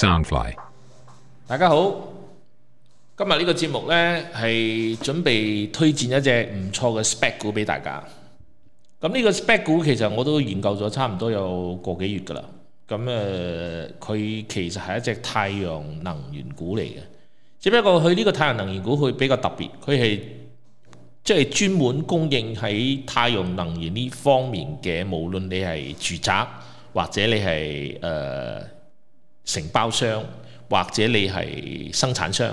Soundfly，大家好，今日呢個節目呢係準備推薦一隻唔錯嘅 Spec 股俾大家。咁呢個 Spec 股其實我都研究咗差唔多有個幾月噶啦。咁誒，佢、呃、其實係一隻太陽能源股嚟嘅。只不過佢呢個太陽能源股佢比較特別，佢係即係專門供應喺太陽能源呢方面嘅，無論你係住宅或者你係誒。呃承包商或者你係生產商，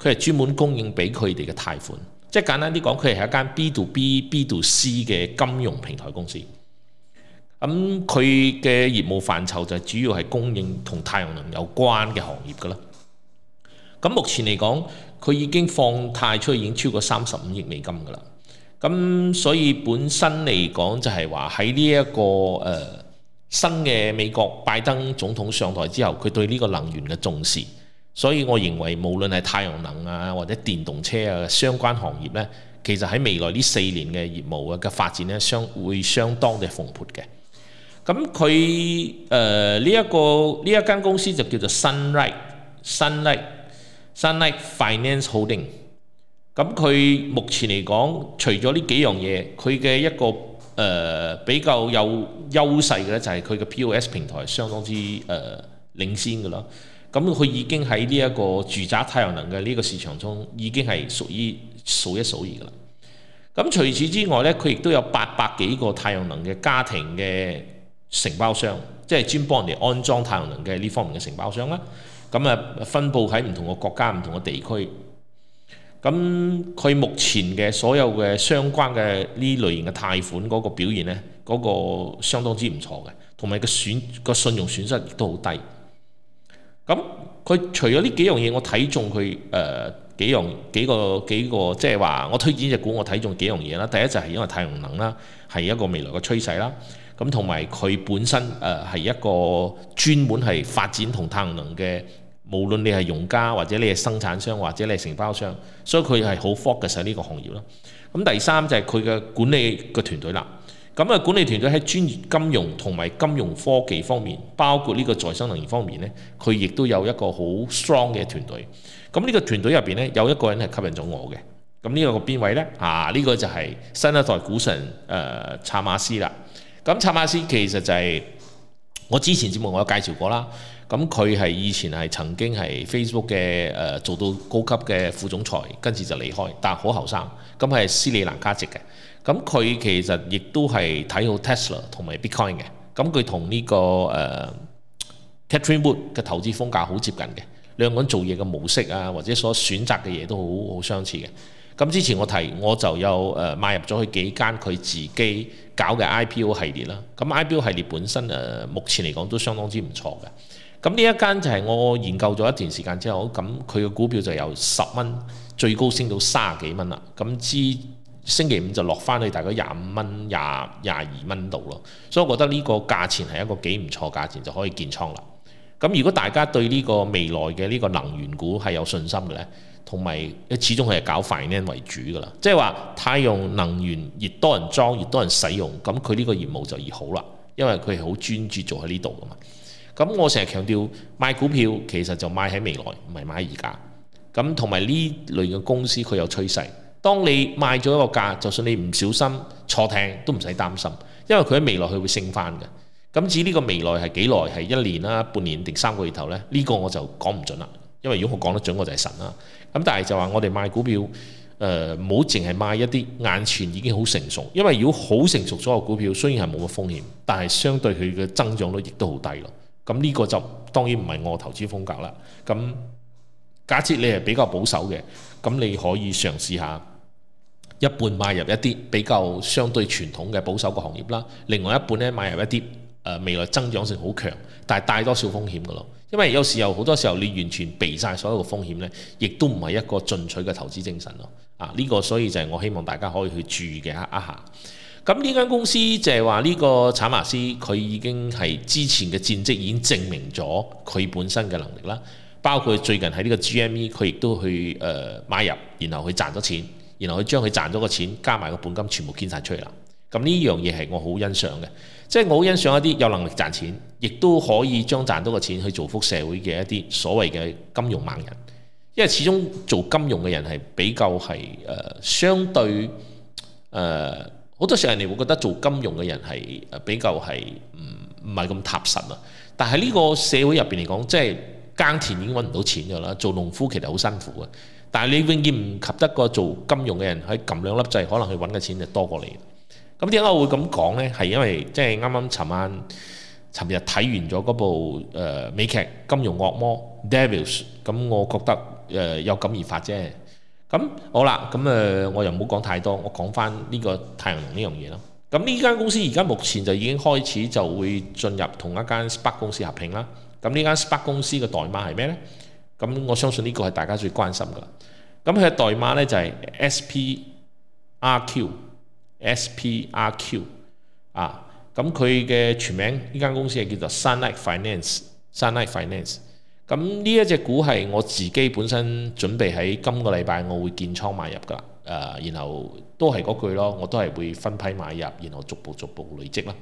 佢係專門供應俾佢哋嘅貸款。即係簡單啲講，佢係一間 B to B、B to C 嘅金融平台公司。咁佢嘅業務範疇就主要係供應同太陽能有關嘅行業㗎啦。咁、嗯、目前嚟講，佢已經放貸出去已經超過三十五億美金噶啦。咁、嗯、所以本身嚟講、這個，就係話，喺呢一個誒。新嘅美國拜登總統上台之後，佢對呢個能源嘅重視，所以我認為無論係太陽能啊，或者電動車啊相關行業呢，其實喺未來呢四年嘅業務啊嘅發展呢，相會相當嘅蓬勃嘅。咁佢誒呢一個呢一間公司就叫做 Sunlight，Sunlight，Sunlight Sunlight, Sunlight Finance Holding。咁佢目前嚟講，除咗呢幾樣嘢，佢嘅一個誒、呃、比較有優勢嘅咧，就係佢嘅 POS 平台相當之誒、呃、領先嘅啦。咁佢已經喺呢一個住宅太陽能嘅呢個市場中，已經係屬於數一數二嘅啦。咁除此之外呢，佢亦都有八百幾個太陽能嘅家庭嘅承包商，即係專幫人哋安裝太陽能嘅呢方面嘅承包商啦。咁啊，分佈喺唔同嘅國家、唔同嘅地區。咁佢目前嘅所有嘅相關嘅呢類型嘅貸款嗰個表現呢嗰、嗰個相當之唔錯嘅，同埋個損個信用損失亦都好低。咁佢除咗呢幾樣嘢，我睇中佢誒、呃、幾樣幾個幾個即係話，我推薦隻股，我睇中幾樣嘢啦。第一就係因為太陽能啦，係一個未來嘅趨勢啦。咁同埋佢本身誒係、呃、一個專門係發展同太陽能嘅。無論你係用家或者你係生產商或者你係承包商，所以佢係好 focus 喺呢個行業咯。咁第三就係佢嘅管理嘅團隊啦。咁啊管理團隊喺專業金融同埋金融科技方面，包括呢個再生能源方面呢，佢亦都有一個好 strong 嘅團隊。咁、這、呢個團隊入邊呢，有一個人係吸引咗我嘅。咁、這、呢個邊位呢？啊，呢、這個就係新一代股神誒、呃、查馬斯啦。咁查馬斯其實就係、是。我之前節目我有介紹過啦，咁佢係以前係曾經係 Facebook 嘅誒、呃、做到高級嘅副總裁，跟住就離開，但係好後生，咁係斯里蘭卡籍嘅，咁佢其實亦都係睇好 Tesla 同埋 Bitcoin 嘅，咁佢同呢個誒、呃、Catherine Wood 嘅投資風格好接近嘅，兩個人做嘢嘅模式啊，或者所選擇嘅嘢都好好相似嘅。咁之前我提我就有誒買入咗佢幾間佢自己搞嘅 IPO 系列啦。咁 IPO 系列本身誒目前嚟講都相當之唔錯嘅。咁呢一間就係我研究咗一段時間之後，咁佢嘅股票就由十蚊最高升到三十幾蚊啦。咁之星期五就落翻去大概廿五蚊、廿廿二蚊度咯。所以我覺得呢個價錢係一個幾唔錯價錢，就可以建倉啦。咁如果大家對呢個未來嘅呢個能源股係有信心嘅咧，同埋一始終係搞 finance 為主噶啦，即係話太陽能源越多人裝，越多人使用，咁佢呢個業務就越好啦，因為佢係好專注做喺呢度噶嘛。咁我成日強調買股票其實就買喺未來，唔係買而家。咁同埋呢類嘅公司佢有趨勢，當你賣咗一個價，就算你唔小心坐艇都唔使擔心，因為佢喺未來佢會升翻嘅。咁至於呢個未來係幾耐，係一年啦、半年定三個月頭呢？呢、呢個我就講唔準啦，因為如果我講得準，我就係神啦。咁但係就話我哋賣股票，唔好淨係賣一啲眼前已經好成熟，因為如果好成熟咗嘅股票，雖然係冇乜風險，但係相對佢嘅增長率亦都好低咯。咁呢個就當然唔係我投資風格啦。咁假設你係比較保守嘅，咁你可以嘗試下一半買入一啲比較相對傳統嘅保守嘅行業啦，另外一半咧買入一啲。誒未來增長性好強，但係帶多少風險嘅咯？因為有時候好多時候你完全避晒所有嘅風險呢，亦都唔係一個進取嘅投資精神咯。啊，呢、這個所以就係我希望大家可以去注意嘅一一下。咁呢間公司就係話呢個查馬斯，佢已經係之前嘅戰績已經證明咗佢本身嘅能力啦。包括最近喺呢個 GME，佢亦都去誒、呃、買入，然後佢賺咗錢，然後佢將佢賺咗嘅錢加埋個本金全部捐晒出嚟啦。咁呢樣嘢係我好欣賞嘅，即係我好欣賞一啲有能力賺錢，亦都可以將賺到嘅錢去造福社會嘅一啲所謂嘅金融猛人。因為始終做金融嘅人係比較係、呃、相對誒好、呃、多時候人哋會覺得做金融嘅人係誒比較係唔唔係咁踏實啊。但係呢個社會入邊嚟講，即係耕田已經揾唔到錢㗎啦。做農夫其實好辛苦嘅，但係你永遠唔及得個做金融嘅人喺撳兩粒掣，可能去揾嘅錢就多過你。咁點解我會咁講呢？係因為即係啱啱尋晚、尋日睇完咗嗰部誒、呃、美劇《金融惡魔》《Devils》，咁我覺得誒、呃、有感而發啫。咁好啦，咁誒、呃、我又唔好講太多，我講翻呢個太陽能呢樣嘢咯。咁呢間公司而家目前就已經開始就會進入同一間 SPAC 公司合併啦。咁呢間 SPAC 公司嘅代碼係咩呢？咁我相信呢個係大家最關心噶。咁佢嘅代碼呢就係 SPRQ。SPRQ 啊，咁佢嘅全名呢間公司係叫做 Sunlight Finance，Sunlight Finance。咁呢一隻股係我自己本身準備喺今個禮拜我會建倉買入噶，誒、啊，然後都係嗰句咯，我都係會分批買入，然後逐步逐步累積啦。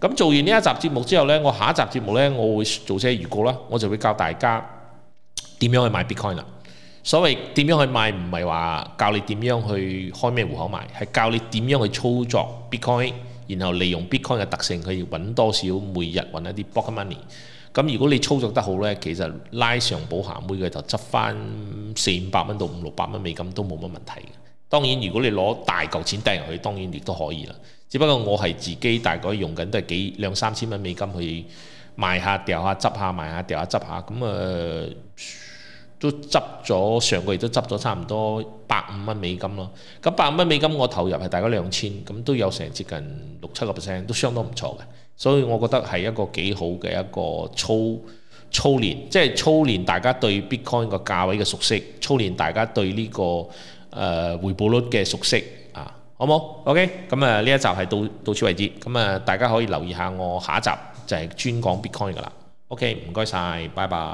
咁做完呢一集節目之後呢，我下一集節目呢，我會做些預告啦，我就會教大家點樣去買 Bitcoin 啦。所謂點樣去賣，唔係話教你點樣去開咩戶口賣，係教你點樣去操作 Bitcoin，然後利用 Bitcoin 嘅特性，佢要揾多少每日揾一啲 block money。咁如果你操作得好呢，其實拉上補下，妹嘅就執翻四五百蚊到五六百蚊美金都冇乜問題。當然，如果你攞大嚿錢掟入去，當然亦都可以啦。只不過我係自己大概用緊都係幾兩三千蚊美金去賣下掉下執下賣下掉下執下咁誒，嗯呃都執咗上個月都執咗差唔多百五蚊美金咯，咁百五蚊美金我投入係大概兩千，咁都有成接近六七個 percent，都相當唔錯嘅，所以我覺得係一個幾好嘅一個操操練，即係操練大家對 Bitcoin 個價位嘅熟悉，操練大家對呢、這個誒、呃、回報率嘅熟悉啊，好冇好？OK，咁啊呢一集係到到此為止，咁啊大家可以留意一下我下一集就係專講 Bitcoin 㗎喇，OK，唔該晒，拜拜。